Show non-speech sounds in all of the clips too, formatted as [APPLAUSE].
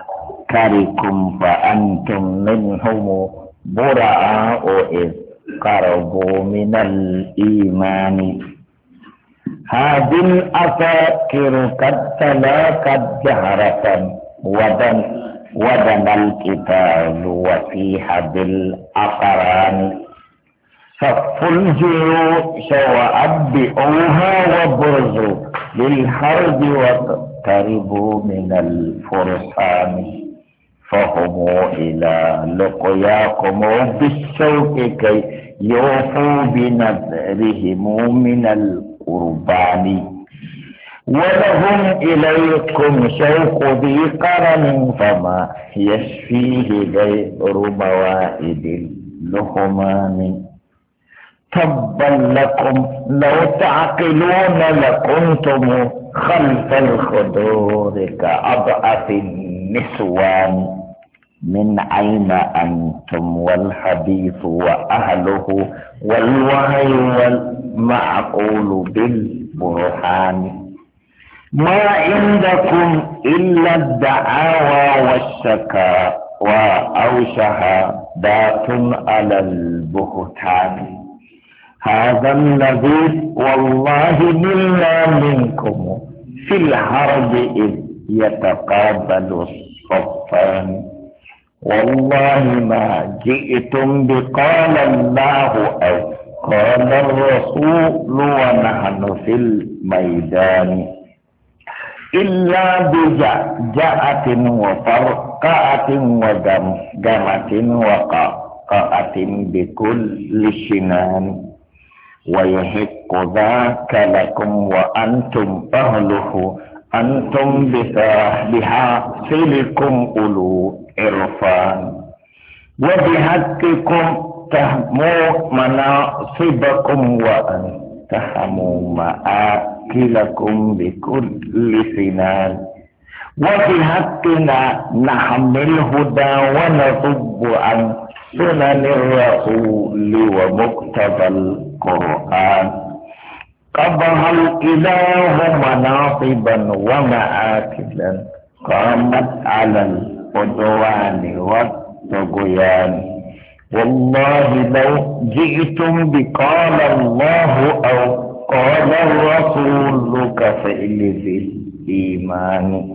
أذكركم فأنتم منهم براء إذ قربوا من الإيمان هذه الأفاكر قد تلاقت جهرة ودن ودن الكتاب وفيها بالأقران صفوا الجيوش وأبئوها وبرزوا للحرب اقتربوا من الفرسان فهموا إلى لقياكم بالشوق كي يوفوا بنذرهم من القربان ولهم إليكم شوق ذي قرن فما يشفيه غير موائد اللهمان تبا لكم لو تعقلون لكنتم خلف الخدور كأضعف النسوان من أين أنتم والحديث وأهله والوعي والمعقول بالبرهان ما عندكم إلا الدعاوى والشكاء أو شهادات على البهتان هذا الذي والله منا منكم في العرض إذ يتقابل الصفان والله ما جئتم بقال الله أو قال الرسول ونحن في الميدان إلا بجعجعة وفرقعة ودمجمة وقعقعة بكل شنان ويحق ذاك لكم وأنتم أهله أنتم سلكم أولو عرفان وبحقكم تهموا مناصبكم وأن تهموا مآكلكم بكل سنان وفي حقنا نحمل هدى ونصب عن سنن الرسول ومقتضى القرآن قضها الإله مناصبا ومآكلا قامت على العدوان والطغيان والله لو جئتم بقال الله أو قال الرسول كفعل ذي الإيمان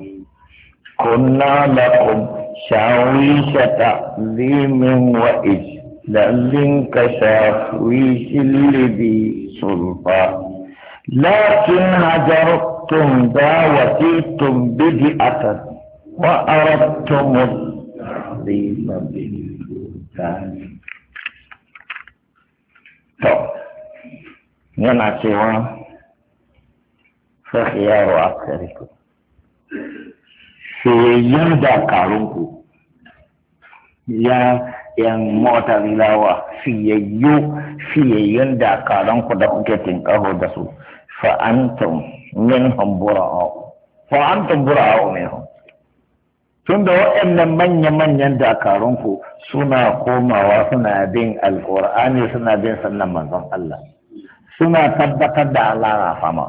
كنا لكم شاويش تعظيم وإجتماع للانكشاف بي سلطة لكن هجرتم داوتيتم بدئة وأردتم التعظيم بالبهتان طب ينا سوى فخيار أكثركم في يندى قارنكم يا yan mota mu'tazilawa fiyayyu fiyayyun dakaran ku da kuke tinkaho da su fa antum min bura'a fa antum bura'a minhum tun da waɗannan manya-manyan ku suna komawa suna bin alƙur'ani suna bin sannan manzon Allah suna tabbatar da Allah na fama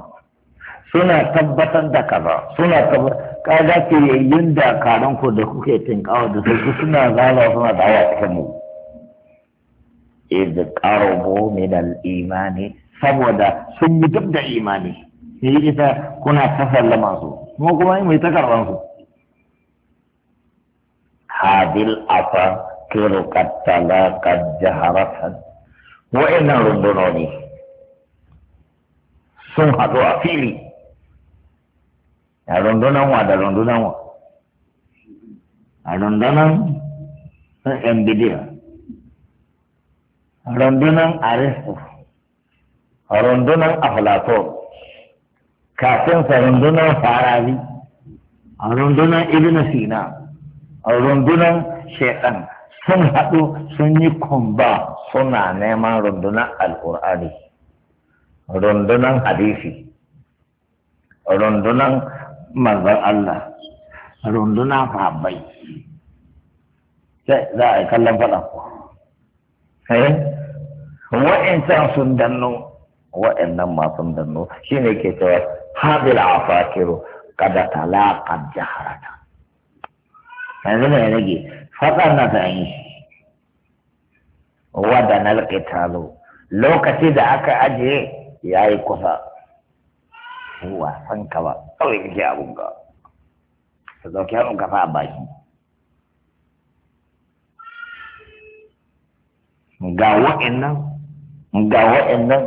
suna tabbatar da kaza suna tabbatar kaga da dakaran ku da kuke tinkawa da su suna zala suna dawa cikin mu Idan karo min imani saboda sun yi duk da imani sai ita kuna ta sallama su kuma kuma mai ta karban su hadil afa kirukat talakat jaharatan wa'annan rundunoni sun haɗu a fili a rundunan wa da rundunan wa a rundunan sun yan bidiya rundunan aristo rundunan aflato kafin sa rundunan farari a rundunan ibn sina a rundunan shekan sun haɗu sun yi kumba suna neman rundunan al'ur'ani rundunan hadisi rundunan manzan Allah runduna fahabbai sai za a yi kallon faɗa eh can sun danno nan ma sun danno shine ke cewa habil Afakiro, kada laƙar jaharata yanzu mai rage faɗar na ta yi wadanar ƙitalo lokaci da aka ajiye ya yi kusa kai wasan ka ba kawai kake abun ka ka dauki hannun ka fa a baki ga wa'annan ga wa'annan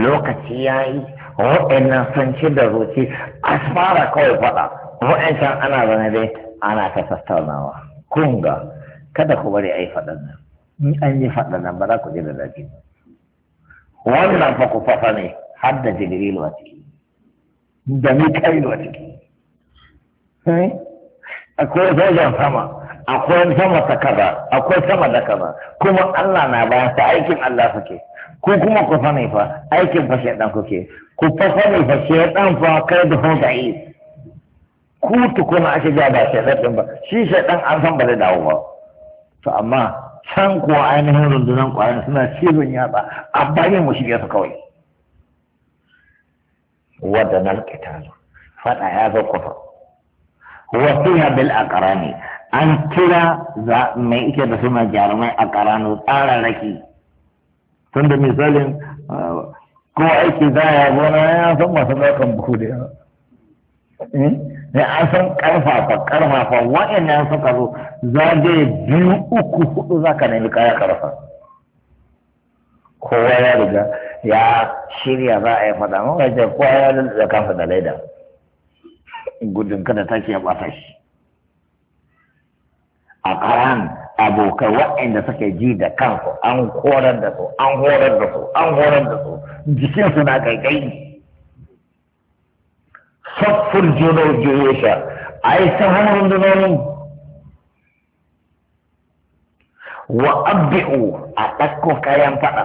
lokaci ya yi wa'annan sun ci da zuci a fara kawai faɗa wa'ancan ana zane dai ana ta tattaunawa kunga kada ku bari a yi faɗan nan in an yi faɗan nan ba za ku ji da daɗi wannan fa ku fafa ne har da jibrilu a ciki da mikailu a ciki eh? akwai sojan sama akwai sama ta kaza akwai sama da kaza kuma Allah na bayan ta aikin Allah suke ko kuma ku sani fa aikin fa shaidan kuke ku fa sani fa shaidan fa kai da fa da'i ku tukuna ake ga da shaidan din ba shi shaidan an san ba zai dawo ba to amma can kuwa ainihin rundunar kwayan suna cizon yatsa a bayan mu shige su kawai Wadda na faɗa ya zo القتال wasu ya bil a بالأقران an kira za mai ike da suna jarumai a karano tsara raki tun da misalin ko aiki za a gona ya san masu daukan buhu da yawa ne an san karfafa karfafa wa'annan suka zo zagaye biyu uku hudu za ka nemi kaya karfa kowa ya riga ya shirya za a yi fada mun ga ko ya da kafa da laida gudun kada take ya bata shi a karan abokai waɗanda suke ji da kansu an horar da su an horar da su an horar da su jikinsu na kaikai saffur juna sha a yi sahun rundunonin wa abbi'u a ɗakko kayan faɗa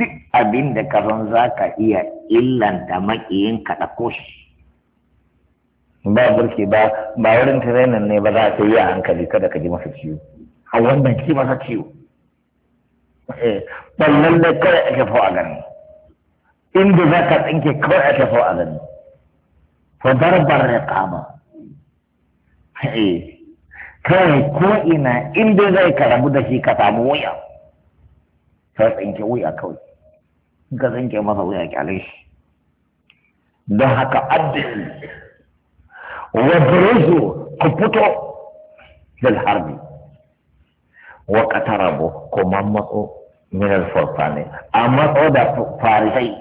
duk abin da ka san za ka iya illanta makiyin ka ɗauko shi ba burki ba ba wurin tirenin ne ba za ka yi a hankali kada ka ji masa ciwo a wannan ki masa ciwo ballon eh, da kawai ake fo a gani inda za ka tsinke kawai ake fo a gani fa darbar kama eh, kawai ko ina inda zai karabu da shi ka samu wuya ka tsinke wuya kawai ga zanke masa wuya kyale shi don haka addini wa buruzu ku fito dal harbi wa qatarabu ku mammatso min al furqani amma ko da farisai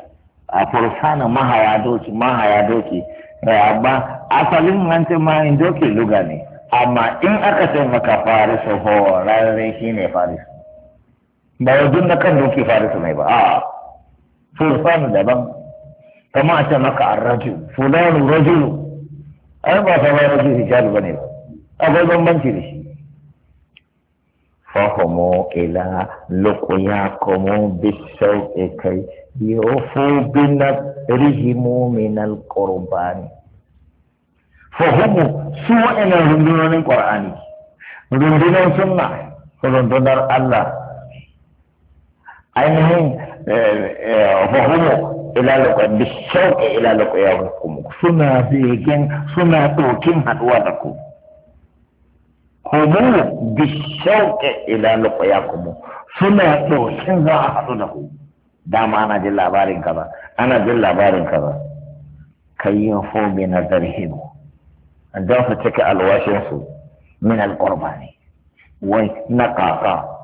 a furqana mahaya doki mahaya doki eh, amma asalin ma in doki luga ne amma in aka ce maka farisu horarre shine faris? ba wajen na kan doki faris ne ba a'a sulfan daban kama a ce maka arraju fulanu rajulu ai ba ta bayar da rijalu bane ba akwai bambanci da shi fahimu ila lukuya kuma bisau kai yofu bina rihimu minal qurbani fahimu su wa'annan rundunonin qur'ani rundunar sunna rundunar Allah ainihin fahimu ila lokwa bisauke ila ya hukumu suna begen suna dokin haduwa da ku humu bisauke ila lokwa ya hukumu suna dokin za a haɗu da ku dama ana jin labarin kaza ana jin labarin kaza yin fobi na zarhim don su cika alwashinsu min ne wai na ƙaƙa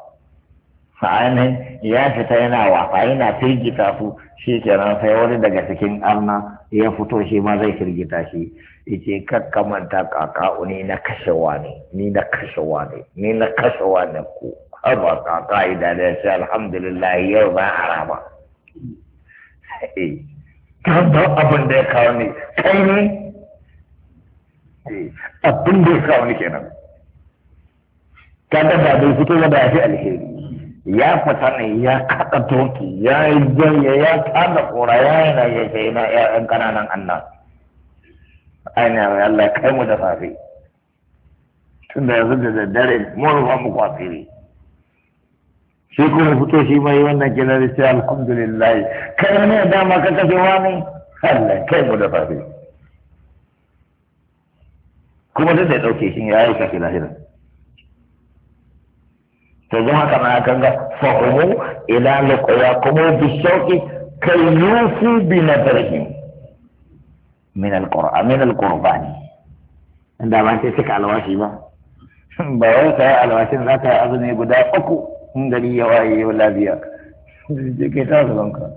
sa'anin ya fita yana wasa yana firgita su shi kenan sai wani daga cikin arna ya fito shi ma zai firgita shi yace kakkamanta kaka'u ni na kashewa ne ni na kashewa ne ni na kashewa ne ku har ba kaka idan da ce alhamdulillah yau ba araba eh kan ba abin da ya kawo ni kai ne eh, abin da ya kawo ni kenan kada ba bai fito ba da ya fi alheri ya fita ne ya kada toki ya yi jayya ya kada kura ya yi na yake na ƴaƴan kananan annan ainihin Allah kai mu da safe tun da yanzu da daddare mu rufa mu kwafiri shi kuma fito shi mai wannan kilar sai alhamdulillah kai ne dama ka kashe wani Allah kai mu da safe kuma duk da ya ɗauke shi ya yi kafe lahirin yanzu haka na kan ga fahimu ila luqya kuma bi shauqi kai yufu bi nazarihim min alqur'an min alqurbani inda ba sai suka alwashi ba ba wai sai alwashin za ta yi azumi guda uku in gari ya waye yau lafiya je ke ta zubanka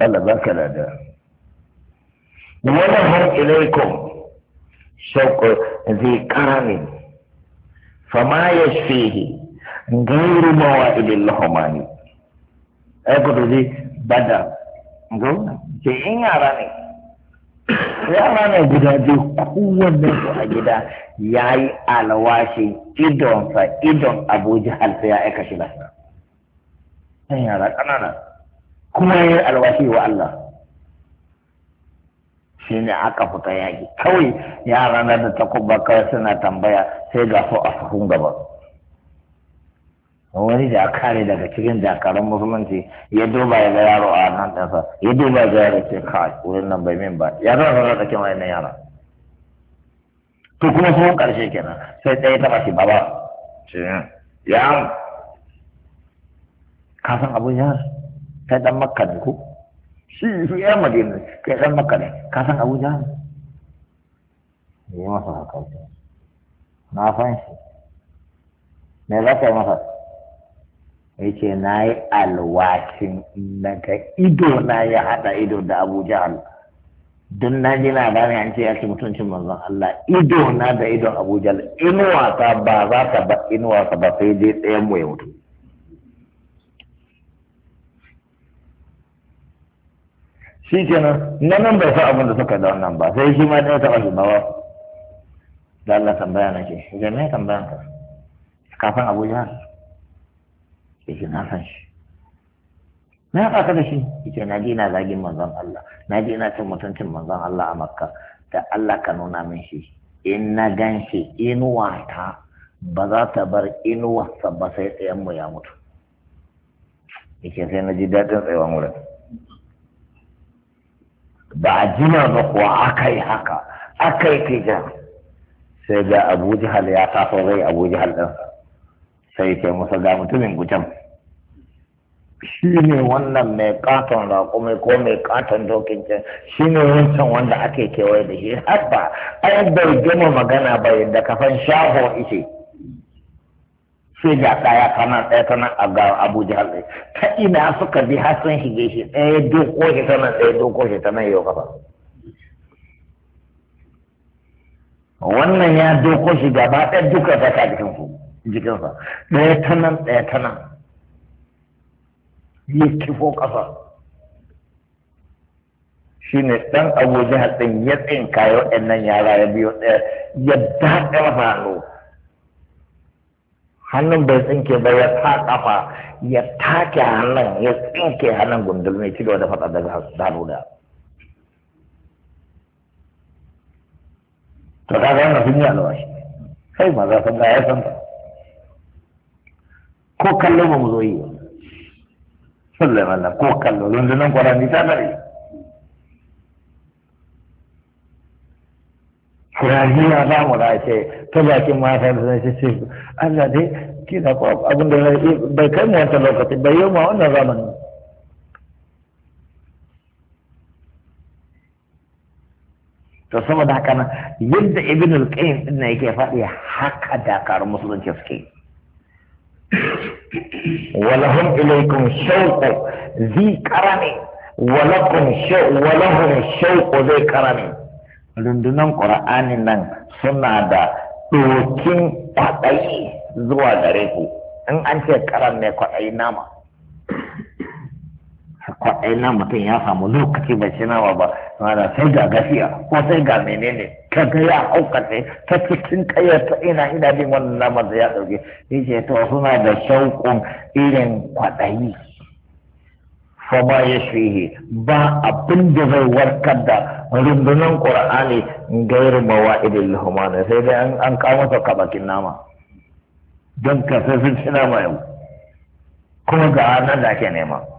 Allah ba ka lada wala hum ilaikum shauqu zai karamin fama yashfihi غير موائد اللهماني ai ku dai badar go ce in yara ne yara ne guda biyu kowanne su a gida ya yi alwashi idonsa idon abuja halsa ya aika shi lafiya yan yara ƙanana kuma ya yi alwashi wa Allah shi ne aka fita yaƙi kawai yara na da takuba kawai suna tambaya sai ga so a sahun gaba wani jakare daga cikin dakarun musulunci ya duba ya ga yaro a nan ɗansa ya duba ga yaro ce kawai wurin nan bai min ba ya zama zama tsakin wani yara to kuma sun karshe kenan sai ɗaya taɓa shi baba ya ka kasan abun ya kai dan makka ne ko shi su ya madina kai dan makka ne ka san abun ya ne masa haka na san shi me za ka yi masa ya ce na yi alwacin daga ido na ya haɗa ido da abu jahal don na ji labari an ce ya ce mutuncin manzon Allah ido na da idon abu jahal inuwa ta ba za ta ba inuwa ta ba sai dai tsayen mu ya mutu shi nan na nan bai sa abin da suka da wannan ba sai shi ma ɗaya taɓa ba. da Allah tambaya na ke ga me tambaya ka kafin abu jahal yake na san shi na haɗa ka da shi yake na je na zagin manzon Allah na je na cin mutuncin manzon Allah a makka da Allah ka nuna min shi in na gan shi inuwa ta ba za ta bar inuwarsa ba sai tsayen mu ya mutu yake sai na ji daɗin tsayawan wurin ba a jima ba kuwa aka yi haka aka yi tijar sai ga abu hal ya taso zai abu jihal ɗansa sai ke musa ga mutumin gujan shi ne wannan mai katon raƙumai ko mai katon dokin can shi ne wancan wanda ake kewaye da shi hatta a yadda gama magana ba da kafan shaho ishe sai ga ɗaya kana ɗaya tana a ga abuja jihar ta ina suka bi har sun shige shi ɗaya doko shi ta nan ɗaya doko shi ta nan yau kafa wannan ya doko shi gaba ɗaya duka ta jikin ku jikinsa ɗaya ta nan ɗaya ta nan ya kifo ƙasa shi ne ɗan abu jihar ɗin ya tsinka yau ɗan nan yara ya biyo ɗaya ya daɗa masa hannu hannun bai tsinke ba ya ta ƙafa ya take hannun ya tsinke hannun gundul mai cigaba da faɗa daga hannu da to kaga yana sun yi alwashi sai ma za su ga ya san ba ko kallo ma mu zo yi ba sallama Allah ko kallo kwara ni ta dare Rahiya za mu da ce ta bakin mata da zai ce Allah dai kina ko abin da bai kai mu wancan lokaci, bai yi ma wannan zamanin to saboda haka nan yadda ibn al-qayyim din yake faɗi haka dakar musulunci suke Walahun إليكم شوق ذي كرم ولكم شوق rundunan ƙura'anin nan suna da ɗokin kwaɗayi zuwa gare in an ce karan ne kwaɗayi nama kwaɗayin na mutum ya samu lokaci bai ci nama ba mana sai ga gafiya ko sai ga menene ka ga ya sai ta cikin kayar ta ina ina bin wannan nama da ya ɗauke ni ce to suna da shauƙin irin kwaɗayi fa ba ya shihi ba abin da zai warkar da rundunar ƙura'ani gairu idin lahumana sai dai an kawo masa kabakin nama don ka sai sun ci nama yau kuma ga nan da ake nema.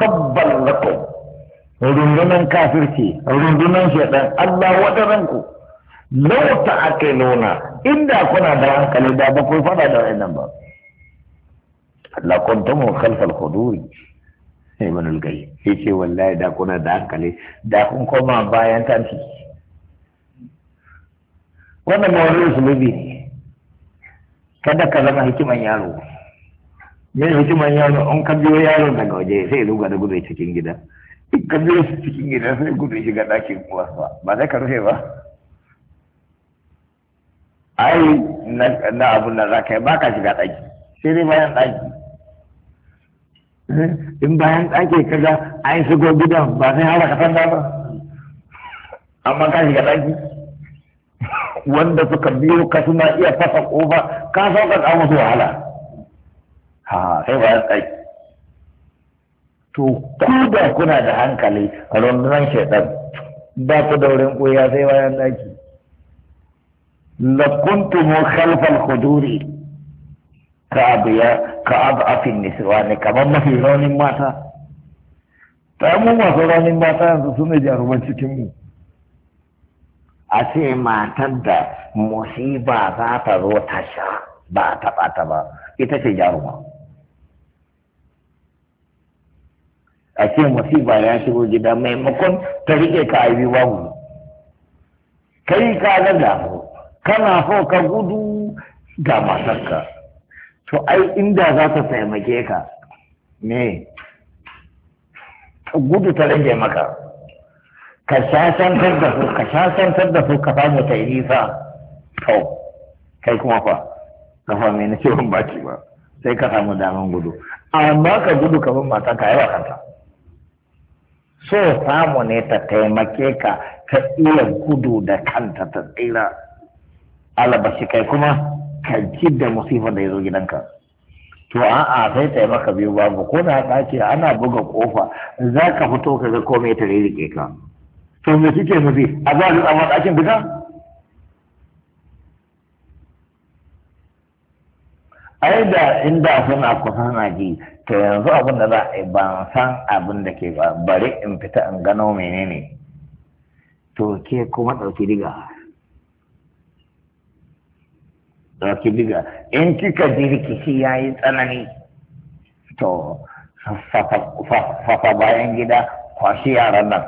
sabban lakum rundunan kafirci rundunan shaidan Allah wadaranku lau ta ake nuna inda kuna da hankali da ba ku fada da wannan ba la kuntum khalf al khudur ibn al gayyim yace wallahi da kuna da hankali da kun koma bayan tanti wannan mawdu'u sulubi kada ka zama hikiman yaro me hikiman yaro an kabiyo yaro daga waje sai ruga da gudu cikin gida in kabiyo su cikin gida sai gudu shiga ɗakin uwarsa ba zai ka rufe ba ai na abun da za ba ka shiga ɗaki sai dai bayan ɗaki eh, in bayan ɗaki ka ga ai shigo gidan ba sai hala ka san ba amma ka shiga ɗaki wanda suka biyo ka suna iya fasa ƙofa ka sauƙaƙa musu wahala sai ba tsaye. to ku da kuna da hankali a rundunar shaitan ba ku da wurin ɓoya sai bayan Lakuntu mu khalfal huduri ka ya ka abu afin ne kamar mafi raunin mata ta mu masu raunin mata yanzu su ne jaruman cikin mu a ce matar da musiba za ta zo ta sha ba a taɓa ba ita ce jaruma a ce musiba ya shigo gida maimakon ta rike ka aibi babu kai ka ga damu kana so ka gudu ga matarka to ai inda za ta taimake ka me ta gudu ta rage maka ka shasantar da su ka shasantar da su ka samu ta yi nisa to kai kuma fa kafa mai na ciwon baki ba sai ka samu daman gudu amma ka gudu kamar matarka ka yawa kanta so samu ne ta taimake ka ka iya gudu da kanta ta tsira alabashi kai kuma ka ji da musifar da ya zo gidanka to a'a sai taimaka biyu babu ko da haka ce ana buga kofa za ka fito ka ga komai ta rike ka to me kike nufi a za a ɗakin fita ai da inda suna kusan na ji to yanzu abin da za a yi ba san abin da ke ba bari in fita in gano menene to ke kuma ɗauki diga ɗauki diga in kika ji rikici ya yi tsanani to fafa bayan gida kwashi yaran nan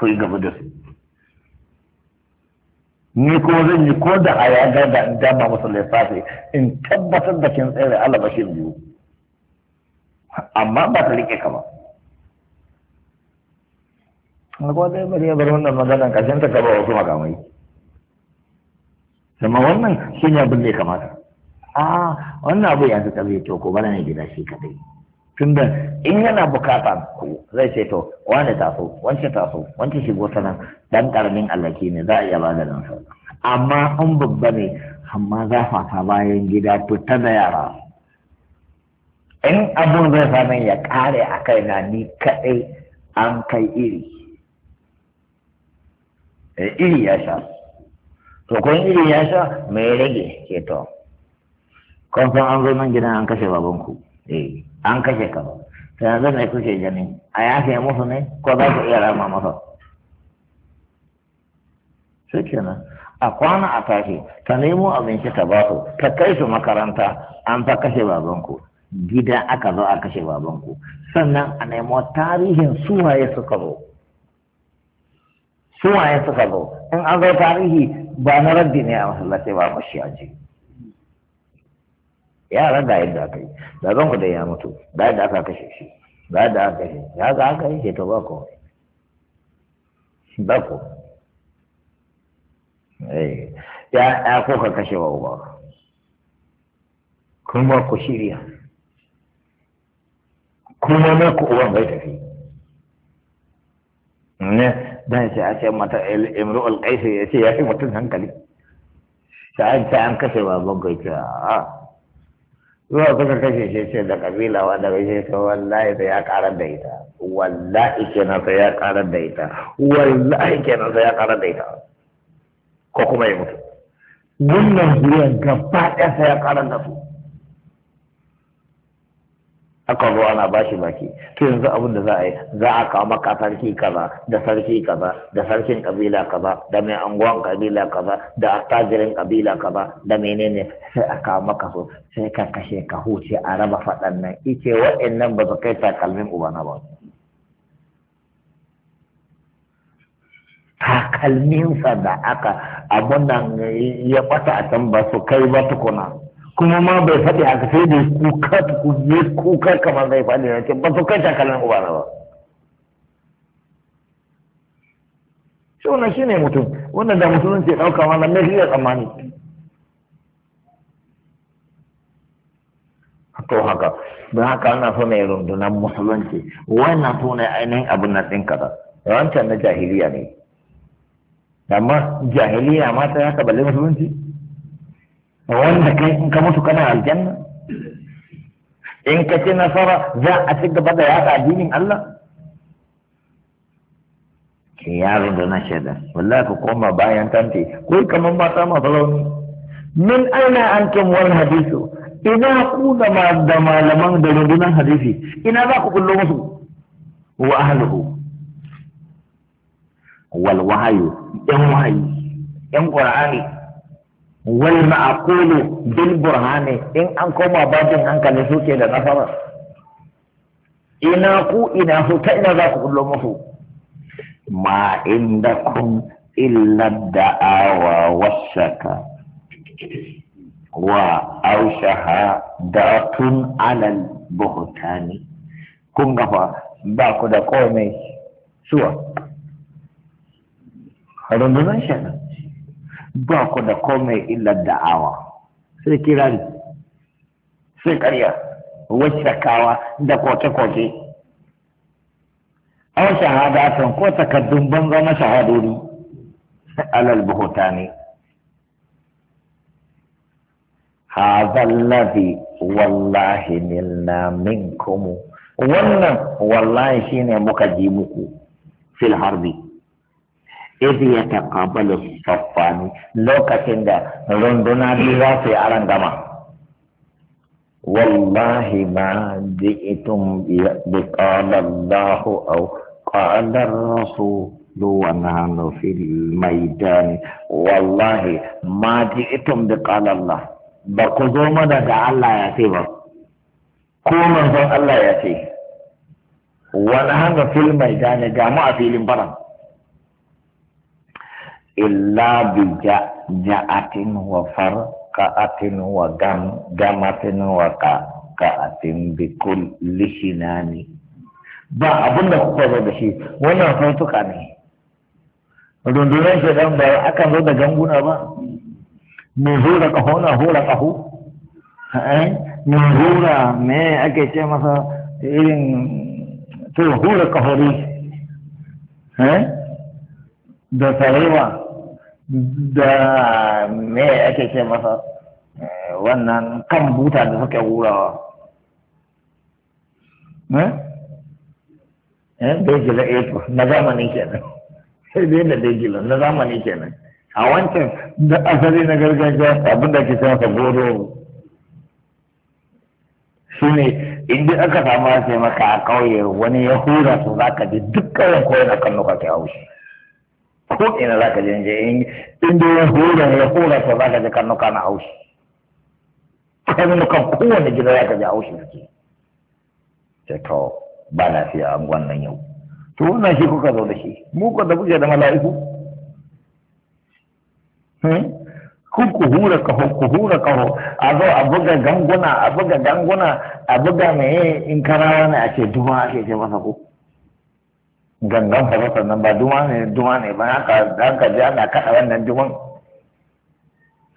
ku yi gaba da su ni ko zan yi ko da a ya da in gama musu lissafi in tabbatar da kin tsere shi biyu amma ba ta rike ka ba ta dai bari ya bar wannan maganan kashin ta kaba wasu makamai sama wannan shi ne abin da ya kamata a ah, wannan abu yanzu kabe to ko bana ne gida shi kadai tunda in yana bukata ku zai ce to wane taso wance taso wance shigo ta nan dan karamin allaki ne za a iya bada nan sau amma an babba ne amma za fata bayan gida fita da yara in abin zai samun ya kare a kai na ni kaɗai an kai iri eh, iri ya sha to kun iri ya sha mai rage ke to kun san an zo nan gidan an kashe babanku eh an kashe ka ba sai yanzu ne kushe jani a yafe musu ne ko za ku iya rama masa ke nan a kwana a tashi ta nemo abinci ta ba su ta kai su makaranta an fa kashe babanku gida aka zo a kashe babanku sannan a nemo tarihin suwaye suka zo suwaye suka zo in an zo tarihi ba na raddi ne a masallaci ba mashi aji Yara ga yadda aka yi da zan ku da ya mutu da yadda aka kashe shi da yadda aka kashe shi ga aka yi to ba ko ba ko eh, ya ya ko ka kashe wa uba kuma ku shirya kuma na ku uban bai tafi ne dan sai a ce mata imru al ya ce ya fi mutum hankali sai an kashe baban gaita a'a zuwa suka kashe shi ce da kabila wanda bai shi ta wallahi sai ya karar da ita wallahi kenan sai ya karar da ita wallahi kenan sai ya karar da ita ko kuma ya mutu wannan zuriyar gaba ɗaya sai ya karar da su aka zo ana shi baki to yanzu abin da za a yi za a kawo maka sarki kaza da sarki kaza da sarkin kabila kaza da mai anguwan kabila kaza da attajirin kabila kaza da menene sai a kawo maka so sai ka kashe ka huce a raba faɗan nan ice waɗannan ba su kai takalmin ubana ba takalminsa da aka abunan ya bata a can ba su kai ba tukuna kuma ma bai faɗi haka sai dai kuka ya kuka kamar zai faɗi na ce ba su kai takalan ubana ba shi wannan shi ne mutum wannan da mutum ke ɗauka wannan mai shi da tsammani to haka don haka ana so ne rundunar musulunci wannan so ne ainihin abin na ɗin kaza wancan na jahiliya ne amma jahiliya mata ya ka balle musulunci wanda kai in ka mutu kana aljanna in ka ci nasara za a ci gaba da yaɗa addinin Allah ke yaro da na shaida wallahi ka koma bayan tante ko kamar mata masu rauni min aina an kim wal hadisu ina ku da malaman da rundunar hadisi ina za ku kullo musu wa ahluhu wal wahayu yan wahayi yan qur'ani wal ma'qulu bil burhani in an koma babin hankali suke da nasara ina ku ina ku ta ina za ku kullo muku ma inda kun illa da'awa wasaka wa aushaha da'atun alal buhtani kun gafa ba ku da komai suwa rundunar shanan ba ku da komai illar da'awa sai kirari sai karya wacce kawa da koke-koke aw shahadatan ko takardun banza na shahadori alal buhutani ne. alladhi wallahi nilna minkum wannan wallahi shine muka ji muku fil harbi idh yataqabalu saffani lokacin da runduna biyu za su yi aran gama wallahi ma ji'tum bi qala Allahu aw qala ar-rasul ونحن في الميدان والله ما جئتم بقال الله بقضوا مدى الله يأتي كون الله يأتي ونحن في الميدان جماعة في illa bi ja'atin wa farqatin wa gam gamatin wa ka ka'atin bi kulli hinani ba abin da kuka zo da shi wannan sautuka ne rundunar shaidan ba akan zo da ganguna ba mai hura ƙaho na hura ƙaho eh? mai hura me ake ce masa irin to hura ƙahori eh? da sarewa da me ake ce masa eh, wannan kan buta da suke wurawa bai eh? eh, na zamani kenan sai dai da na zamani kenan a wancan da asali na gargajiya abin da ke masa goro shi ne inda aka samu ya ce maka a kauye wani ya hura su za ka ji duk kawai na kan nuka haushi ko ina za ka je in in da ya hura ya hura to za ka ji karnuka na haushi karnukan kowane gida za ka ji haushi suke ta to ba lafiya an wannan yau to wannan shi kuka zo da shi mu ko da kuke da mala'iku hmm? kun ku hura kaho ku hura kaho a zo a buga ganguna a buga ganguna a buga mai in karawa ne a ce duba ake ce masa ku gangan fa nan ba duma ne duma ne ba haka dan ka ji ana kada wannan duman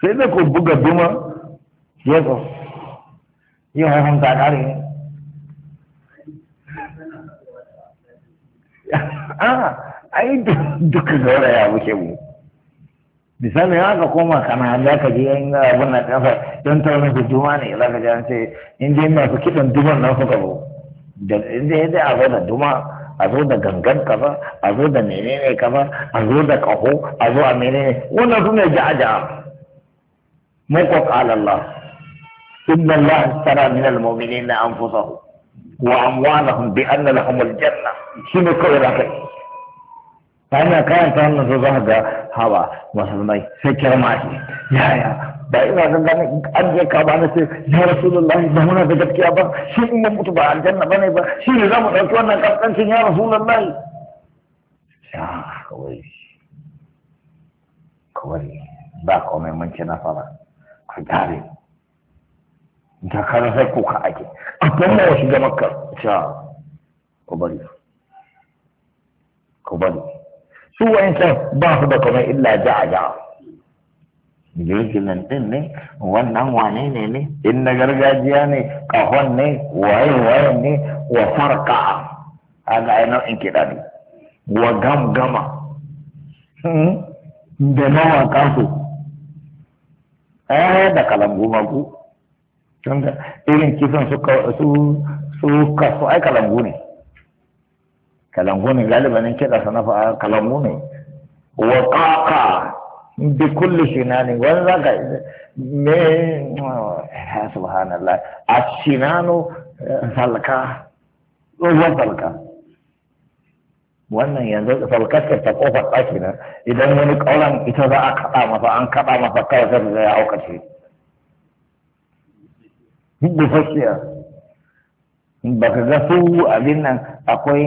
sai da ku buga duma ya zo ya haifan ka kare ne [LAUGHS] a ah, ai duka gaura ya wuce mu misali ya ka koma kana za ka je yin abin na kafa don ta su duma ne za ka je an ce in yin masu kiɗan duman nan suka zo da in dai a zo da duma a zo da gangan kafa a zo da menene kafa a zo da kaho a zo a menene wannan su ne ja'a Mun ko qala Allah inna Allah istara min al-mu'minina anfusahum wa amwalahum bi anna lahum al-janna shine kawai da kai bayan karanta wannan zo za ga hawa musulmai sai kirma shi yaya ba ina zan gane an je ka bani sai ya rasulullah ba muna da gaskiya ba shi in mun mutu ba aljanna ne ba shi ne mu dauki wannan kaskancin ya rasulullah ya kawai kawai ba komai mun ci nasara ku tare da kana sai ku ka ake a kuma shi ga makka cha ku bari ku bari su wa'in ba su da komai illa ja'a ja'a Vigilant ɗin ne, wannan wane ne ne, in na gargajiya ne, kahon ne, waye-waye ne, wa farka a ga ainihin nau'in kiɗa ne, wa gam-gama, hmm? da nawa kasu, eh da kalangu maku. tun da irin kisan su kasu ai kalangu ne, kalangu ne galibanin kiɗa sanafa kalangu ne, wa kaka bi kulli shinani wani za ka me ya subhanallah a shinano salka tsohon salka wannan yanzu salkar ta kofar ɗaki na idan wani ƙauran ita za a kaɗa masa an kaɗa masa kawai sai da ya aukace gufashiya ba ka ga su abin nan akwai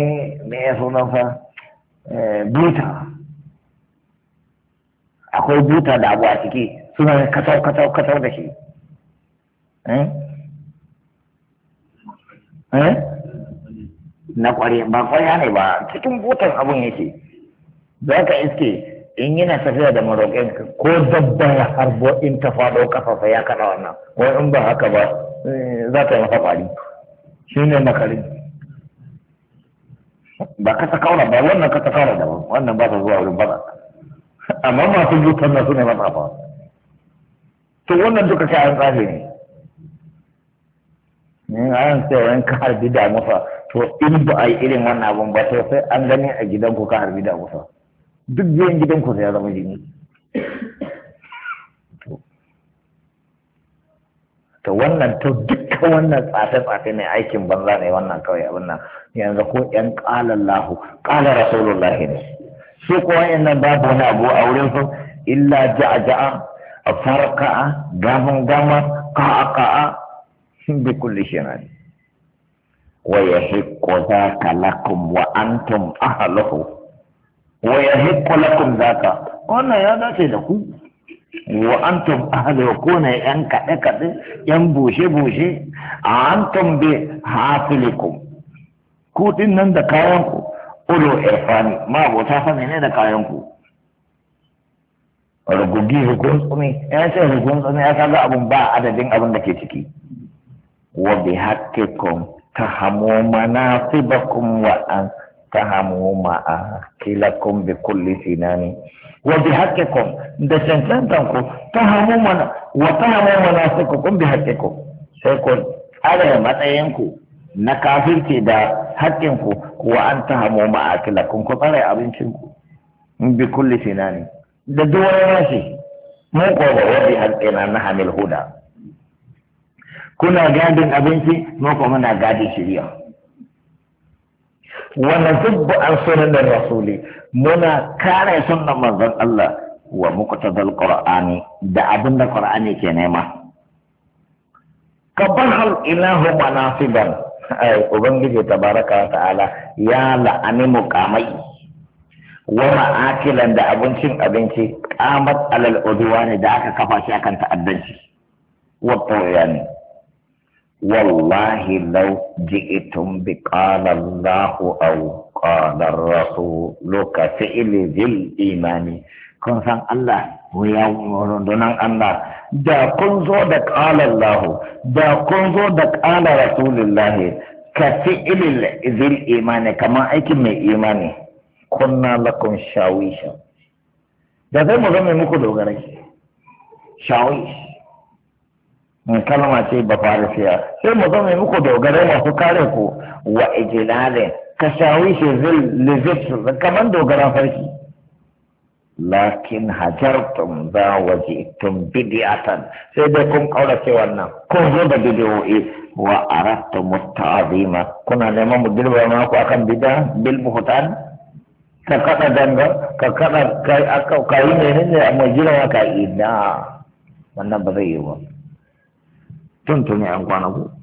me ya sunan fa buta akwai buta da abu a ciki suna kasau kasau kasau da shi eh? Eh? na kware ba ya ne ba cikin butan abun yake za ka iske in yana safiya da maroƙin ko dabba ya harbo in ta faɗo kafafa ya kaɗa wannan Ko in ba haka ba eh, za ta yi masa fari shi ne makari. ba kasa kaura ba wannan kasa kaura da wannan ba ta zuwa wurin ba amma masu dukan na suna matsafa to wannan duka kayan tsari ne ne an cewa ka harbi da musa to in ba a yi irin wannan abun ba to sai an gani a gidanku ka harbi da musa duk biyan gidanku sai ya zama jini to wannan to dukkan wannan tsafe-tsafe ne aikin banza ne wannan kawai abin nan yanzu ko yan ƙalallahu ƙalar rasulullahi ne su ko nan babu wani abu a wurin su illa ja'a ja'a a farka gaman gama ka'a ka'a bi kulli shi'an wa yahiqqu dhaka lakum wa antum ahluhu wa yahiqqu lakum dhaka wannan ya dace da ku wa antum ahlu kuna yan kaɗe kaɗe yan bushe bushe a antum bi hafilikum ku din nan da kayan ku ulu irfani ma abota sani ne da kayan ku rugugi hukun tsumi ya ce hukun tsumi ya kaga abun ba adadin abin da ke ciki wa bi haqqikum tahamu manasibakum wa an tahamu ma'akilakum bi kulli sinani wa bi haqqikum da cancantan ku tahamu mana wa tahamu manasibakum bi haqqikum sai ku tsare matsayin ku na kafirce da haƙƙinku kuwa an ta hamo ma'akila kun ku tsare abincinku in bi kulli sinani da duk wani mun ko ba wadi halƙina na hamil huda kuna gadin abinci mun ko muna gadin shirya wa nazubbu an sunan rasuli muna kare sunnan manzon Allah wa muqtadal qur'ani da abin da qur'ani ke nema kabahal hal ilahu manasiban ubangiji ta wa ta'ala ya la'ani muqamai wa ma'akilan da abincin abinci qamat alal ne da aka kafa shi akan ta'addanci wa tawyan wallahi law ji'tum bi qala Allahu aw qala ar-rasul ka ilil imani kun san Allah ya rundunan Allah da kun zo da ƙala Allah da kun zo da kala Rasulullah ka fi ilil zil imani kamar aikin mai imani kunna lakum shawisha da zai mu zama muku dogara ke shawish kalma ce ba siya sai mu zama muku dogara masu kare ku wa ijilalin ka shawishe zil lizit kamar dogara farki lakin hajartum za waji'tum bid'atan sai dai kun kaurace wannan kun zo da bid'o'i wa aradtum zima, kuna neman mu girba ma ku akan bid'a bil buhtan ka kada danga ka kada kai aka kai ne ne amma jira ka ina wannan ba zai yi ba tuntuni an kwana ku